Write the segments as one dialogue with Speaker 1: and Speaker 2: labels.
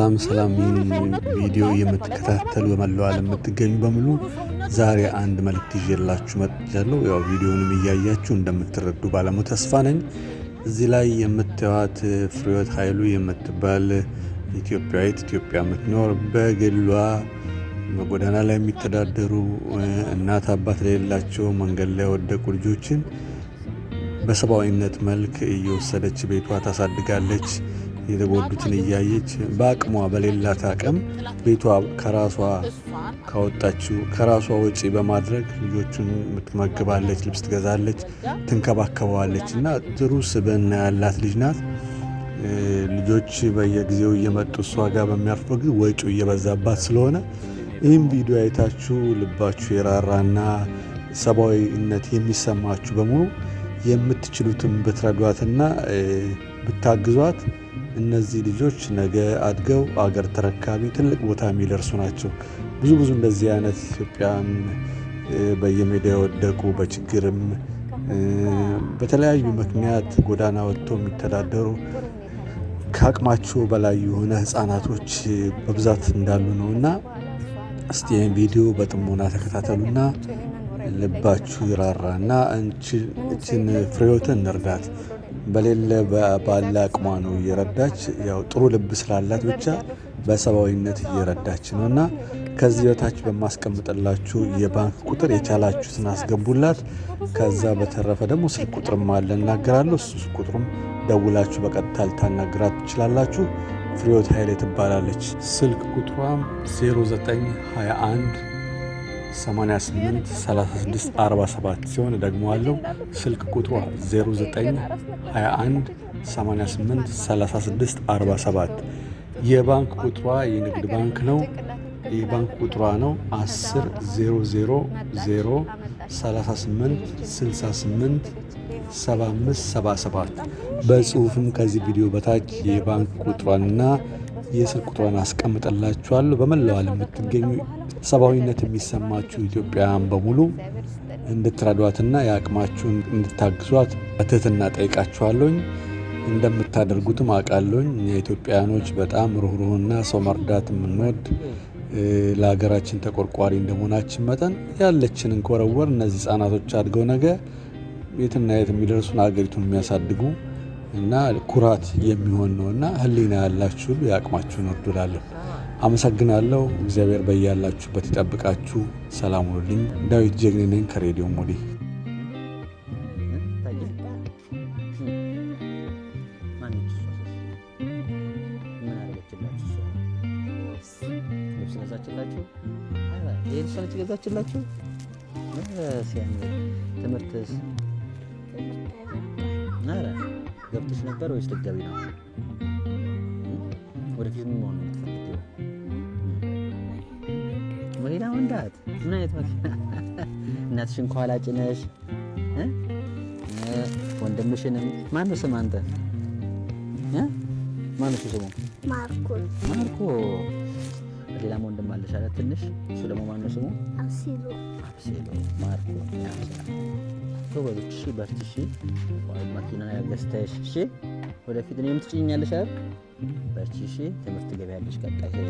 Speaker 1: ሰላም ሰላም ቪዲዮ የምትከታተሉ በመላው ዓለም የምትገኙ በሙሉ ዛሬ አንድ መልእክት ይዤላችሁ መጥቻለሁ። ያው ቪዲዮንም እያያችሁ እንደምትረዱ ባለሙ ተስፋ ነኝ። እዚህ ላይ የምታዩት ፍሬወት ኃይሉ የምትባል ኢትዮጵያዊት ኢትዮጵያ የምትኖር በግሏ በጎዳና ላይ የሚተዳደሩ እናት አባት የሌላቸው መንገድ ላይ የወደቁ ልጆችን በሰብአዊነት መልክ እየወሰደች ቤቷ ታሳድጋለች። የተጎዱትን እያየች በአቅሟ በሌላት አቅም ቤቷ ከራሷ ካወጣችው ከራሷ ወጪ በማድረግ ልጆቹን ትመግባለች፣ ልብስ ትገዛለች፣ ትንከባከበዋለች እና ጥሩ ስብዕና ያላት ልጅ ናት። ልጆች በየጊዜው እየመጡ እሷ ጋር በሚያርፉበት ጊዜ ወጪው እየበዛባት ስለሆነ ይህም ቪዲዮ አይታችሁ ልባችሁ የራራና ሰብአዊነት የሚሰማችሁ በሙሉ የምትችሉትን ብትረዷትና ብታግዟት እነዚህ ልጆች ነገ አድገው አገር ተረካቢ ትልቅ ቦታ የሚደርሱ ናቸው። ብዙ ብዙ እንደዚህ አይነት ኢትዮጵያን በየሜዳ የወደቁ በችግርም በተለያዩ ምክንያት ጎዳና ወጥቶ የሚተዳደሩ ከአቅማቸው በላይ የሆነ ህፃናቶች በብዛት እንዳሉ ነው እና እስቲ ይህን ቪዲዮ በጥሞና ተከታተሉና ልባችሁ ይራራ እና እችን ፍሬዎትን እንርዳት። በሌለ ባለ አቅሟ ነው እየረዳች ያው ጥሩ ልብ ስላላት ብቻ በሰብአዊነት እየረዳች ነው እና ከዚህ በታች በማስቀምጥላችሁ የባንክ ቁጥር የቻላችሁትን አስገቡላት። ከዛ በተረፈ ደግሞ ስልክ ቁጥርም አለ እናገራለሁ። እሱ ቁጥሩም ደውላችሁ በቀጥታ ልታናግራት ትችላላችሁ። ፍሬዎት ኃይሌ ትባላለች። ስልክ ቁጥሯም 0921 88 36 47 ሲሆን ደግሞ አለው ስልክ ቁጥሯ 09 21 88 36 47 የባንክ ቁጥሯ የንግድ ባንክ ነው። የባንክ ቁጥሯ ነው 10 38 68 75 77 በጽሁፍም ከዚህ ቪዲዮ በታች የባንክ ቁጥሯንና የስልክ ቁጥሯን አስቀምጠላችኋለሁ። በመላው ዓለም የምትገኙ ሰብአዊነት የሚሰማችሁ ኢትዮጵያውያን በሙሉ እንድትረዷትና የአቅማችሁን እንድታግዟት በትህትና ጠይቃችኋለሁኝ። እንደምታደርጉትም አውቃለሁኝ። ኢትዮጵያያኖች በጣም ሩህሩህና ሰው መርዳት የምንወድ ለሀገራችን ተቆርቋሪ እንደመሆናችን መጠን ያለችንን ከወረወር እነዚህ ህጻናቶች አድገው ነገ የትና የት የሚደርሱን ሀገሪቱን የሚያሳድጉ እና ኩራት የሚሆን ነው እና ህሊና ያላችሁ የአቅማችሁን ወርዱላለሁ። አመሰግናለሁ። እግዚአብሔር በያላችሁበት ይጠብቃችሁ። ሰላም ሁኑልኝ። ዳዊት ጀግኔ ነኝ ከሬዲዮ ሞዴ ገዛችላችሁ ትምህርትስ ገብተሽ ነበር ወይስ ልትገቢ ነው? ወደፊት ምን መሆን ነው የምትፈልጊው? መኪና መንዳት? ምን አይነት መኪና? እናትሽን ከኋላ ጭነሽ ወንድምሽንም። ማን ነው ስም አንተ? ማን ነው ስሙ? ማርኮ። ማርኮ። ሌላም ወንድም አለሽ አለ ትንሽ። እሱ ደግሞ ማን ነው ስሙ? አብሴሎ። አብሴሎ። ማርኮ ሰው በብር በርትሺ በአራት ሺ መኪና ገዝተሽ ሺ ወደፊት እኔም ትጭኛለሽ አይደል? በርቺ ሺ ትምህርት ገበያለሽ። ቀጣይ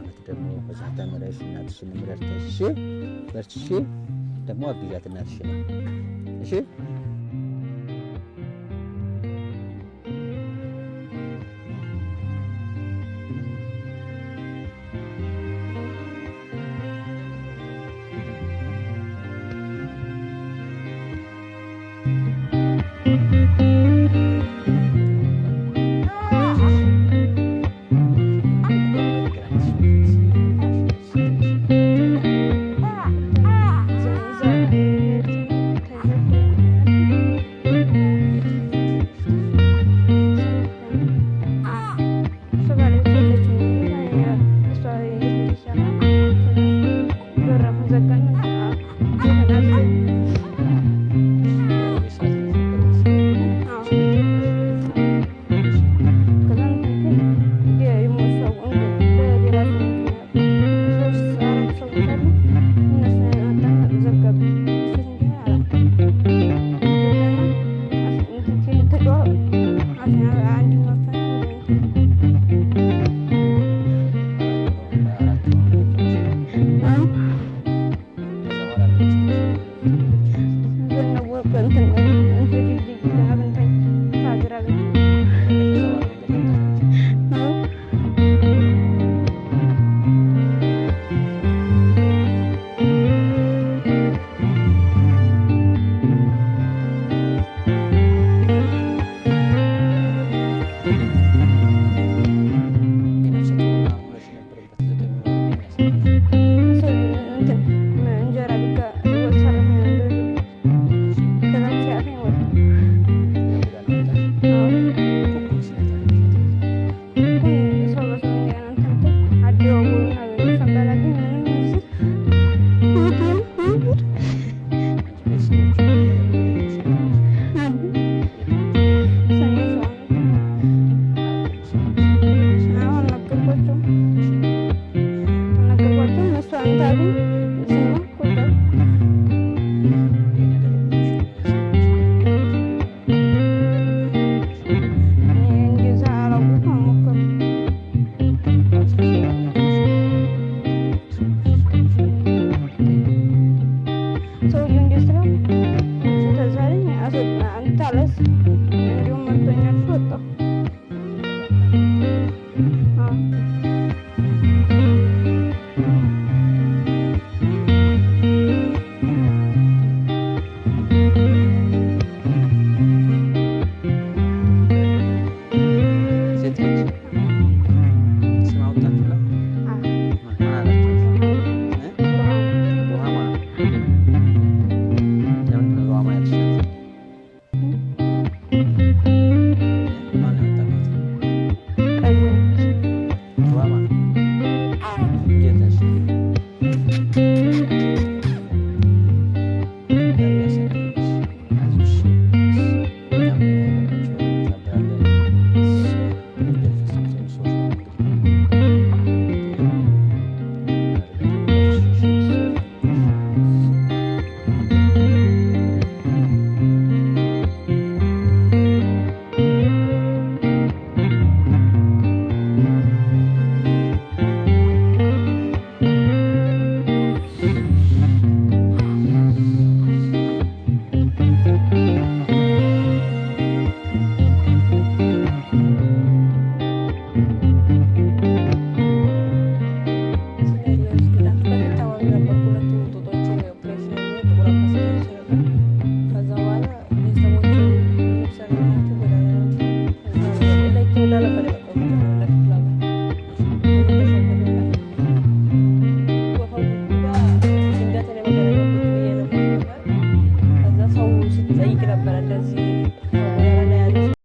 Speaker 1: አመት ደግሞ በዛ ተምረሽ እናትሽን ምረርተሽ ሺ በርቺ ሺ ደግሞ አግዣት እናትሽ ነው እሺ
Speaker 2: Thank you. 等等呢。telling mentales. Thank you.